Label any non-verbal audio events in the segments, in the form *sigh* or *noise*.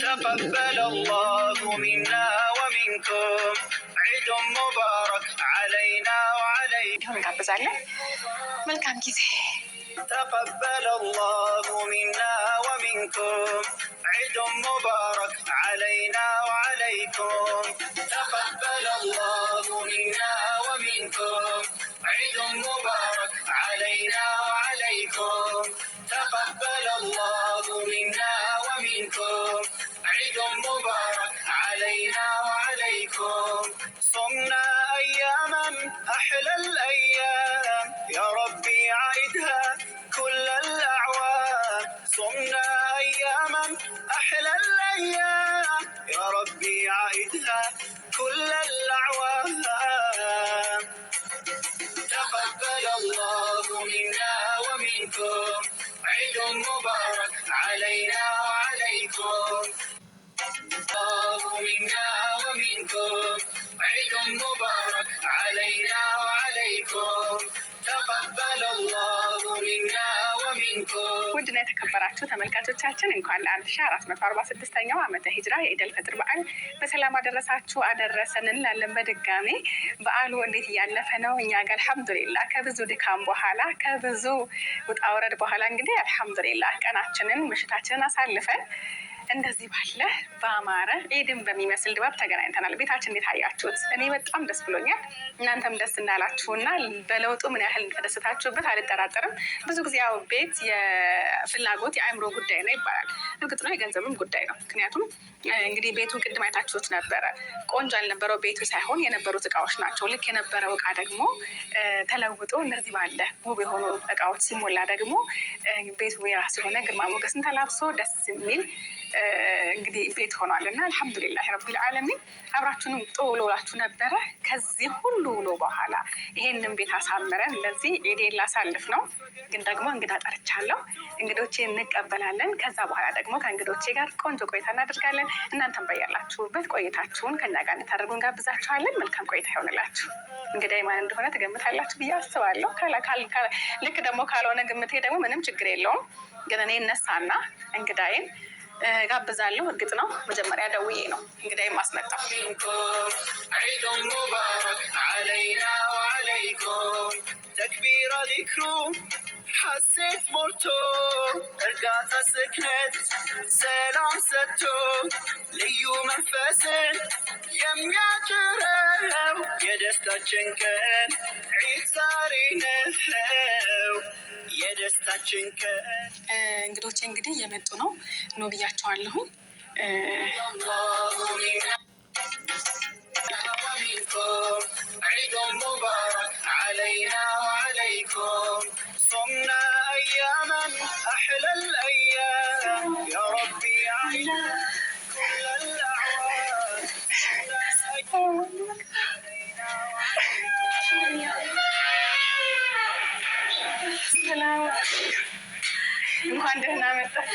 تقبل الله منا ومنكم عيد مبارك علينا وعليكم እንጋብዛለን። መልካም ጊዜ። ተቀበለ አላሁ ሚና ወሚንኩም ዒድ ሙባረክ ዓለይና ወዓለይኩም የተከበራችሁ ተመልካቾቻችን እንኳን ለአንድ ሺ አራት መቶ አርባ ስድስተኛው ዓመተ ሂጅራ የኢደል ፈጥር በዓል በሰላም አደረሳችሁ አደረሰን እንላለን። በድጋሜ በዓሉ እንዴት እያለፈ ነው? እኛ ጋር አልሐምዱሊላ ከብዙ ድካም በኋላ ከብዙ ውጣ ውረድ በኋላ እንግዲህ አልሐምዱሊላ ቀናችንን ምሽታችንን አሳልፈን እንደዚህ ባለ በአማረ ኤድን በሚመስል ድባብ ተገናኝተናል። ቤታችን እንዴት አያችሁት? እኔ በጣም ደስ ብሎኛል። እናንተም ደስ እና በለውጡ ምን ያህል እንደተደሰታችሁበት አልጠራጠርም። ብዙ ጊዜ ያው ቤት የፍላጎት የአእምሮ ጉዳይ ነው ይባላል። እርግጥ ነው የገንዘብም ጉዳይ ነው። ምክንያቱም እንግዲህ ቤቱን ቅድም አይታችሁት ነበረ። ቆንጆ ያልነበረው ቤቱ ሳይሆን የነበሩት እቃዎች ናቸው። ልክ የነበረው እቃ ደግሞ ተለውጦ እንደዚህ ባለ ውብ የሆኑ እቃዎች ሲሞላ ደግሞ ቤቱ የራሱ የሆነ ግርማ ሞገስን ተላብሶ ደስ የሚል እንግዲህ ቤት ሆኗል እና አልሐምዱሊላ ረቢል ዓለሚን አብራችሁንም ጥውሎላችሁ ነበረ። ከዚህ ሁሉ ውሎ በኋላ ይሄንን ቤት አሳምረን ለዚህ ኢዴን ላሳልፍ ነው፣ ግን ደግሞ እንግዳ ጠርቻለሁ። እንግዶቼ እንቀበላለን። ከዛ በኋላ ደግሞ ከእንግዶቼ ጋር ቆንጆ ቆይታ እናደርጋለን። እናንተም በያላችሁበት ቆይታችሁን ከኛ ጋር እንድታደርጉ እንጋብዛችኋለን። መልካም ቆይታ ይሆንላችሁ። እንግዳ ማን እንደሆነ ትገምታላችሁ ብዬ አስባለሁ። ልክ ደግሞ ካልሆነ ግምቴ ደግሞ ምንም ችግር የለውም። ግን እኔ እነሳና እንግዳዬን ጋብዛለሁ። እርግጥ ነው መጀመሪያ ደውዬ ነው እንግዲህ የማስመጣው። ተክቢራ ዚክሩ ሐሴት ሞልቶ እርጋታ ስክነት ሰላም ሰጥቶ ልዩ መንፈስን የሚያጭረው የደስታችን ቀን ዒድ ዛሬ ነው። የደስታችን እንግዶቼ እንግዲህ እየመጡ ነው። ኑ ብያቸዋለሁኝ። ሶምና አያመን አሕለል አያ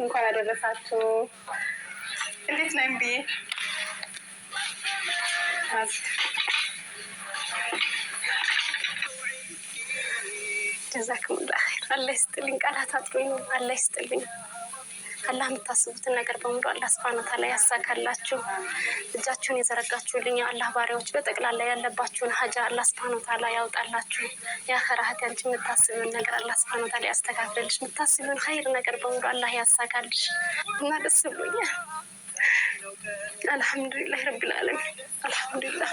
እንኳን አደረሳችሁ። እንዴት ነው ብዬ ጀዛክሙላህ አላህ ይስጥልኝ። ቃላት አጥሮኝ ነው። አላህ ይስጥልኝ። አላህ የምታስቡትን ነገር በሙሉ አላህ ስብሐነ ተዓላ ያሳካላችሁ። እጃችሁን የዘረጋችሁልኝ አላህ ባሪያዎች በጠቅላላ ያለባችሁን ሀጃ አላህ ስብሐነ ተዓላ ያውጣላችሁ። የአኸራ ሀት አንቺ የምታስቢውን ነገር አላህ ስብሐነ ተዓላ ያስተካክልልሽ። የምታስቢውን ኸይር ነገር በሙሉ አላህ ያሳካልሽ እና ደስ ብሎኛል። አልሐምዱሊላህ ረቢል ዓለሚን አልሐምዱሊላህ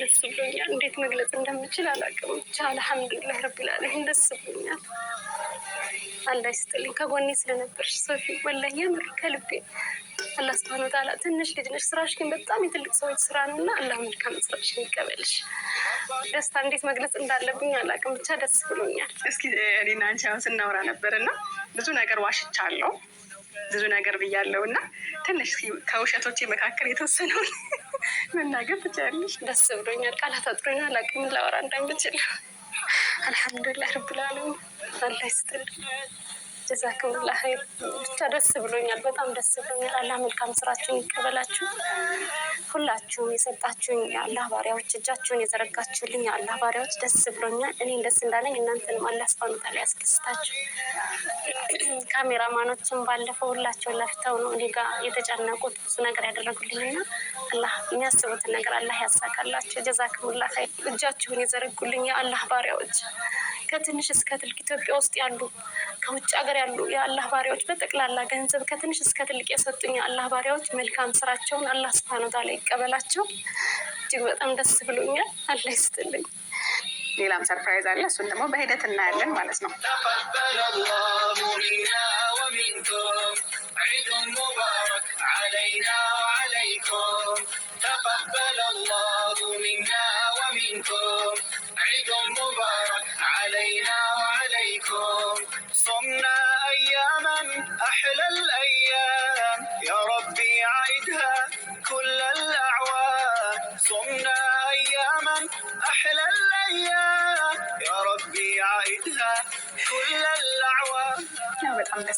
ደስ ብሎኛል። እንዴት መግለጽ እንደምችል አላውቅም። ብቻ አልሐምዱሊላህ ረቢል ደስ ብሎኛል። አላህ ይስጥልኝ ከጎኔ ስለነበርሽ ሶፊ፣ ወላሂ የምር ከልቤ አላህ ሱብሃነሁ ወተዓላ። ትንሽ ልጅ ነሽ፣ ስራሽ ግን በጣም የትልቅ ሰዎች ስራ ነው እና አላህ መልካም ስራሽን ይቀበልሽ። ደስታ እንዴት መግለጽ እንዳለብኝ አላውቅም፣ ብቻ ደስ ብሎኛል። እስኪ እኔና አንቺ አሁን ስናወራ ነበር እና ብዙ ነገር ዋሽቻለሁ፣ ብዙ ነገር ብያለሁ እና ትንሽ ከውሸቶቼ መካከል የተወሰነውን *laughs* መናገር ትችያለሽ። ደስ ብሎኛል፣ ቃላት አጥሮኛል፣ አላውቅም ላወራ እንዳይችል አልሐምዱሊላህ ረብል ዓለሚን አላህ ይስጥልን። ጀዛክምላ ኸይር። ብቻ ደስ ብሎኛል፣ በጣም ደስ ብሎኛል። አላህ መልካም ስራችሁን ይቀበላችሁ። ሁላችሁም የሰጣችሁኝ የአላህ ባሪያዎች፣ እጃችሁን የዘረጋችሁልኝ የአላህ ባሪያዎች ደስ ብሎኛል። እኔ ደስ እንዳለኝ እናንተንም አላህ ስብሐኑ ተዓላ ያስደስታችሁ። ካሜራማኖችም ባለፈው ሁላቸው ለፍተው ነው እኔ ጋር የተጨነቁት ብዙ ነገር ያደረጉልኝና አላህ የሚያስቡትን ነገር አላህ ያሳካላቸው። ጀዛክሙላ ኸይር። እጃችሁን የዘረጉልኝ የአላህ ባሪያዎች ከትንሽ እስከ ትልቅ ኢትዮጵያ ውስጥ ያሉ ከውጭ ሀገር ያሉ የአላህ ባሪያዎች በጠቅላላ ገንዘብ ከትንሽ እስከ ትልቅ የሰጡኝ የአላህ ባሪያዎች መልካም ስራቸውን አላህ ስብሐነ ወተዓላ ይቀበላቸው። እጅግ በጣም ደስ ብሎኛል። አላህ ይስጥልኝ። ሌላም ሰርፕራይዝ አለ። እሱን ደግሞ በሂደት እናያለን ማለት ነው። ተቀበለ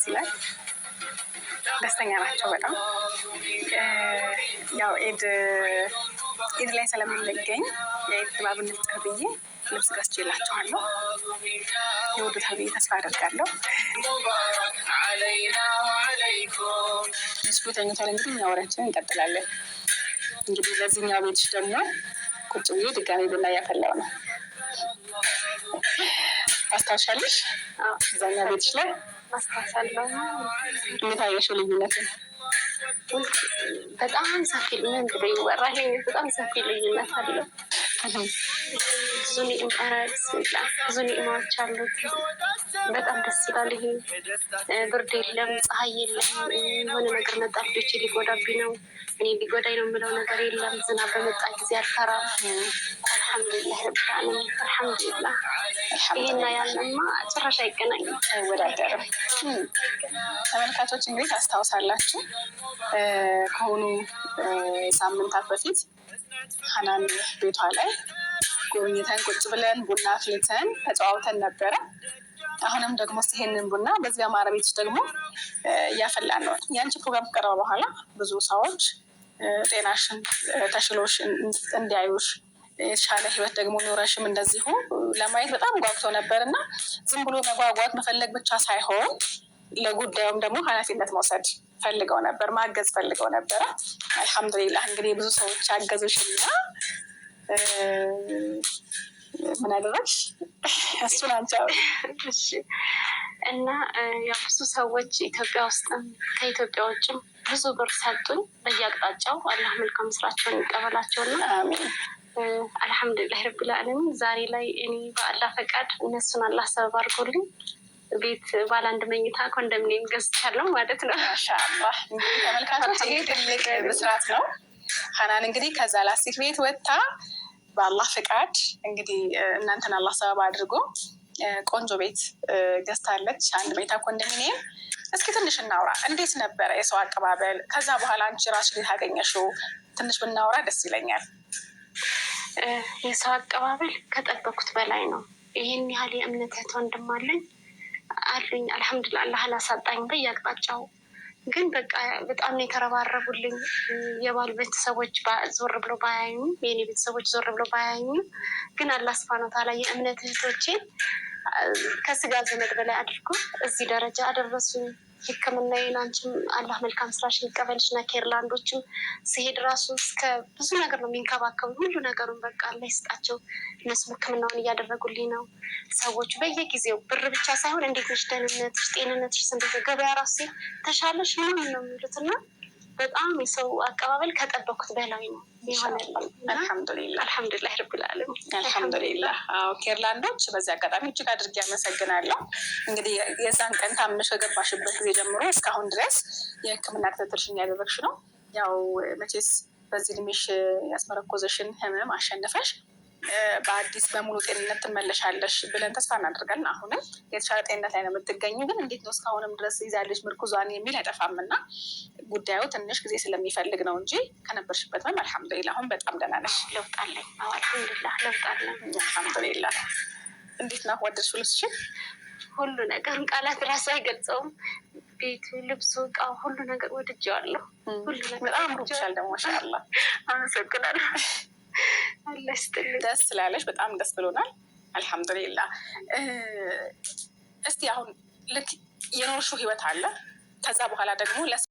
ይመስላል። ደስተኛ ናቸው በጣም ያው ኤድ ኢድ ላይ ስለምንገኝ የኢድ ድባብ እንፍጠር ብዬ ልብስ ገዝቼላቸዋለሁ። የወዱታ ብዬ ተስፋ አደርጋለሁ። ህዝቡ ተኝቷል። እንግዲህ እኛ ወሬያችንን እንቀጥላለን። እንግዲህ ለዚህኛው ቤት ደግሞ ቁጭ ብዬ ድጋሚ ቡና እያፈላው ነው። ታስታውሻለሽ? እዛኛው ቤትሽ ላይ አስታውሳለሁ። እንዴት አየሽው ልዩነት? በጣም ሰፊ ምን እንግዲህ በጣም ሰፊ ልዩነት አለው። ብዙ ኒዕማራት ብዙ ኒዕማዎች አሉት። በጣም ደስ ይላል። ይሄ ብርድ የለም፣ ፀሐይ የለም። የሆነ ነገር መጣ ልጆች ሊጎዳብኝ ነው እኔ ሊጎዳኝ ነው የምለው ነገር የለም። ዝናብ በመጣ ጊዜ አልፈራ። አልሐምዱሊላህ ረብን አልሐምዱሊላህ። ይሄና ያለማ ጭራሽ አይገናኝም፣ አይወዳደርም። ተመልካቾች እንግዲህ ታስታውሳላችሁ ከሆኑ ሳምንታት በፊት ሀናን ቤቷ ላይ ጎብኝተን ቁጭ ብለን ቡና አፍልተን ተጫዋውተን ነበረ። አሁንም ደግሞ ይሄንን ቡና በዚህ አማረ ቤት ደግሞ እያፈላን ነው። የአንቺ ፕሮግራም ከቀረበ በኋላ ብዙ ሰዎች ጤናሽን ተሽሎሽ እንዲያዩሽ የተሻለ ህይወት ደግሞ ኖረሽም እንደዚሁ ለማየት በጣም ጓጉቶ ነበር እና ዝም ብሎ መጓጓት መፈለግ ብቻ ሳይሆን ለጉዳዩም ደግሞ ኃላፊነት መውሰድ ፈልገው ነበር፣ ማገዝ ፈልገው ነበረ። አልሐምዱሊላህ እንግዲህ ብዙ ሰዎች ያገዙሽና ምን አደረግሽ? እሱን አንቺ እና ብዙ ሰዎች ኢትዮጵያ ውስጥም ከኢትዮጵያ ውጭም ብዙ ብር ሰጡኝ። በየአቅጣጫው አላህ መልካም ስራቸውን ይቀበላቸውና አልሐምዱሊላህ ረቢል ዛሬ ላይ እኔ በአላህ ፈቃድ እነሱን አላህ ሰበብ አድርጎልኝ ቤት ባለ አንድ መኝታ ኮንዶሚኒየም ገዝቻለሁ ማለት ነው። ማሻአላህ ተመልካቾች፣ ይሄ ትልቅ ምስራት ነው። ሀናን እንግዲህ ከዛ ላስቲክ ቤት ወጥታ በአላህ ፍቃድ እንግዲህ እናንተን አላህ ሰበብ አድርጎ ቆንጆ ቤት ገዝታለች። አንድ ቤታ ኮንዶሚኒየም። እስኪ ትንሽ እናውራ። እንዴት ነበረ የሰው አቀባበል? ከዛ በኋላ አንቺ ራስሽ ቤት አገኘሽው? ትንሽ ብናውራ ደስ ይለኛል። የሰው አቀባበል ከጠበኩት በላይ ነው። ይህን ያህል የእምነት እህት ወንድም አለኝ አሉኝ። አልሐምዱሊላህ አላሳጣኝ። በየአቅጣጫው ግን በቃ በጣም የተረባረቡልኝ። የባል ቤተሰቦች ዞር ብሎ ባያዩም፣ የኔ ቤተሰቦች ዞር ብሎ ባያዩም፣ ግን አላህ ሱብሃነሁ ወተዓላ የእምነት እህቶቼን ከስጋ ዘመድ በላይ አድርጎ እዚህ ደረጃ አደረሱኝ። ሕክምናዬን አንቺም አላህ መልካም ስራሽ ይቀበልሽ እና ኬርላንዶችም ስሄድ ራሱ እስከ ብዙ ነገር ነው የሚንከባከቡ ሁሉ ነገሩን በቃ አላህ ይስጣቸው። እነሱም ህክምናውን እያደረጉልኝ ነው። ሰዎቹ በየጊዜው ብር ብቻ ሳይሆን እንዴት ነሽ፣ ደህንነትሽ፣ ጤንነትሽ ስንት ገበያ ራሱ ሲል ተሻለሽ ምናምን ነው የሚሉት እና በጣም የሰው አቀባበል ከጠበኩት በላይ ነው ይሆናል። አልሐምዱሊላ አልሐምዱሊላ። ኬርላንዶች በዚህ አጋጣሚ እጅግ አድርጌ አመሰግናለሁ። እንግዲህ የዛን ቀን ታምሽ ከገባሽበት ጊዜ ጀምሮ እስካሁን ድረስ የሕክምና ክትትልሽን ያደረግሽ ነው። ያው መቼስ በዚህ እድሜሽ ያስመረኮዘሽን ህመም አሸንፈሽ በአዲስ በሙሉ ጤንነት ትመለሻለሽ ብለን ተስፋ እናደርጋለን። አሁንም የተሻለ ጤንነት ላይ ነው የምትገኙ። ግን እንዴት ነው እስካሁንም ድረስ ይዛለች ምርኩዟን የሚል አይጠፋም እና ጉዳዩ ትንሽ ጊዜ ስለሚፈልግ ነው እንጂ ከነበርሽበት ወይም አልሐምዱሊላ አሁን በጣም ደህና ነሽ። ለውጥ አለኝ። አልሐምዱሊላ አልሐምዱሊላ እንዴት ነው ወደርሱ ልብስሽን ሁሉ ነገር ቃላት ራሱ አይገልጸውም። ቤቱ፣ ልብሱ፣ እቃው ሁሉ ነገር ወድጄዋለሁ። ሁሉ ነገር በጣም ሩብሻል ደግሞ ሻላ አመሰግናለሁ። ደስ ስላለሽ በጣም ደስ ብሎናል። አልሐምዱሊላ። እስቲ አሁን ልክ የኖርሽው ህይወት አለ ከዛ በኋላ ደግሞ